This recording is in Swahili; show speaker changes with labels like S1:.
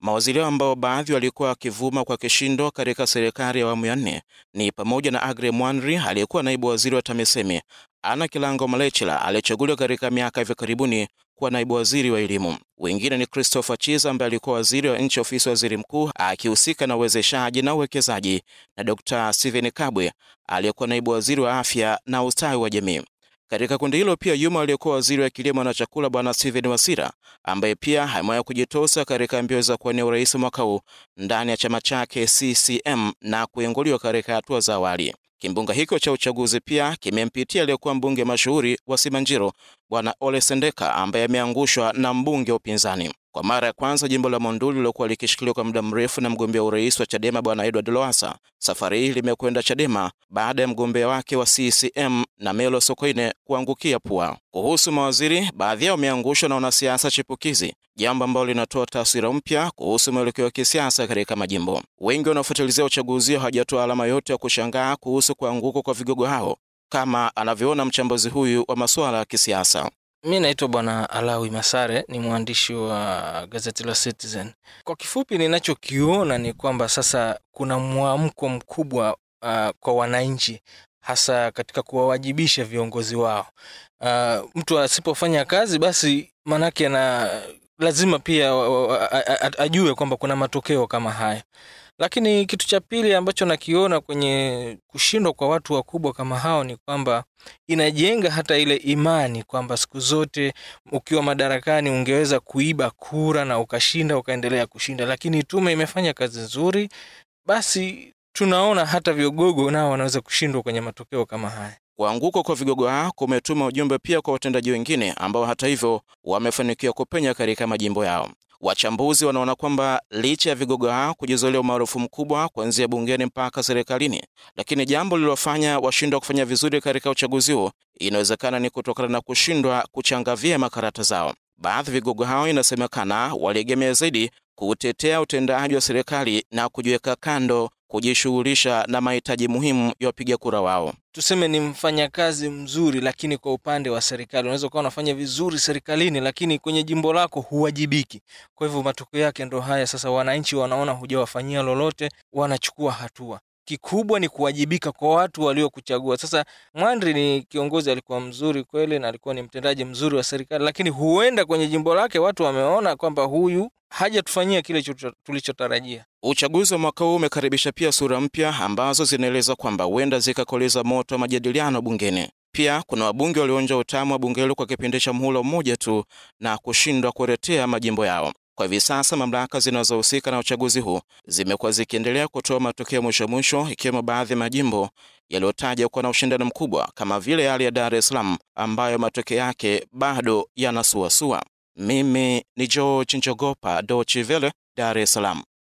S1: Mawaziri ambao baadhi walikuwa wakivuma kwa kishindo katika serikali ya awamu ya nne ni pamoja na Agre Mwanri aliyekuwa naibu waziri wa TAMISEMI, ana Kilango Malechela aliyechaguliwa katika miaka hivi karibuni kuwa naibu waziri wa elimu. Wengine ni Christopher Chiza ambaye alikuwa waziri wa nchi ofisi ya waziri mkuu akihusika na uwezeshaji na uwekezaji, na Dr. Steven Kabwe aliyekuwa naibu waziri wa afya na ustawi wa jamii. Katika kundi hilo pia yuma aliyekuwa waziri wa kilimo na chakula Bwana Steven Wasira, ambaye pia amewahi kujitosa katika mbio za kuwania urais mwaka huu ndani ya chama chake CCM na kuinguliwa katika hatua za awali. Kimbunga hicho cha uchaguzi pia kimempitia aliyekuwa mbunge mashuhuri wa Simanjiro Bwana Ole Sendeka, ambaye ameangushwa na mbunge wa upinzani. Kwa mara ya kwanza jimbo la Monduli lilokuwa likishikiliwa kwa muda mrefu na mgombea urais wa Chadema Bwana Edward Lowassa safari hii limekwenda Chadema baada ya mgombea wake wa CCM na Melo Sokoine kuangukia pua. Kuhusu mawaziri, baadhi yao wameangushwa na wanasiasa chipukizi, jambo ambalo linatoa taswira mpya kuhusu mwelekeo wa kisiasa katika majimbo. Wengi wanaofuatilizia uchaguzi hawajatoa alama yote ya kushangaa kuhusu kuanguka kwa vigogo hao, kama anavyoona mchambuzi huyu wa masuala ya kisiasa.
S2: Mi naitwa Bwana Alawi Masare, ni mwandishi wa gazeti la Citizen. Kwa kifupi, ninachokiona ni kwamba sasa kuna mwamko mkubwa uh, kwa wananchi hasa katika kuwawajibisha viongozi wao. Uh, mtu asipofanya kazi basi maanake na lazima pia ajue kwamba kuna matokeo kama haya. Lakini kitu cha pili ambacho nakiona kwenye kushindwa kwa watu wakubwa kama hao ni kwamba inajenga hata ile imani kwamba siku zote ukiwa madarakani ungeweza kuiba kura na ukashinda ukaendelea kushinda, lakini tume imefanya kazi nzuri, basi tunaona hata vigogo nao wanaweza kushindwa kwenye matokeo kama haya.
S1: Kuanguka kwa vigogo hao kumetuma ujumbe pia kwa watendaji wengine ambao hata hivyo wamefanikiwa kupenya katika majimbo yao. Wachambuzi wanaona kwamba licha ya vigogo hao kujizolea umaarufu mkubwa kuanzia bungeni mpaka serikalini, lakini jambo lililofanya washindwa kufanya vizuri katika uchaguzi huo inawezekana ni kutokana na kushindwa kuchanga vyema karata zao. Baadhi vigogo hao inasemekana waliegemea zaidi kutetea utendaji wa serikali na kujiweka kando kujishughulisha na mahitaji muhimu ya wapiga kura wao.
S2: Tuseme ni mfanyakazi mzuri, lakini kwa upande wa serikali unaweza ukawa unafanya vizuri serikalini, lakini kwenye jimbo lako huwajibiki. Kwa hivyo matokeo yake ndo haya sasa, wananchi wanaona hujawafanyia lolote, wanachukua hatua kikubwa ni kuwajibika kwa watu waliokuchagua. Sasa Mwandri ni kiongozi alikuwa mzuri kweli, na alikuwa ni mtendaji mzuri wa serikali, lakini huenda kwenye jimbo lake watu wameona kwamba huyu hajatufanyia kile tulichotarajia.
S1: Uchaguzi wa mwaka huu umekaribisha pia sura mpya ambazo zinaeleza kwamba huenda zikakoleza moto wa majadiliano bungeni. Pia kuna wabunge walionja utamu wa bunge hilo kwa kipindi cha mhulo mmoja tu na kushindwa kuretea majimbo yao. Kwa hivi sasa mamlaka zinazohusika na uchaguzi huu zimekuwa zikiendelea kutoa matokeo mwisho mwisho, ikiwemo baadhi ya majimbo yaliyotaja kuwa na ushindani mkubwa kama vile yale ya Dar es Salaam ambayo matokeo yake bado yanasuasua. Mimi ni George Njogopa, Dochi Vele, Dar es Salaam.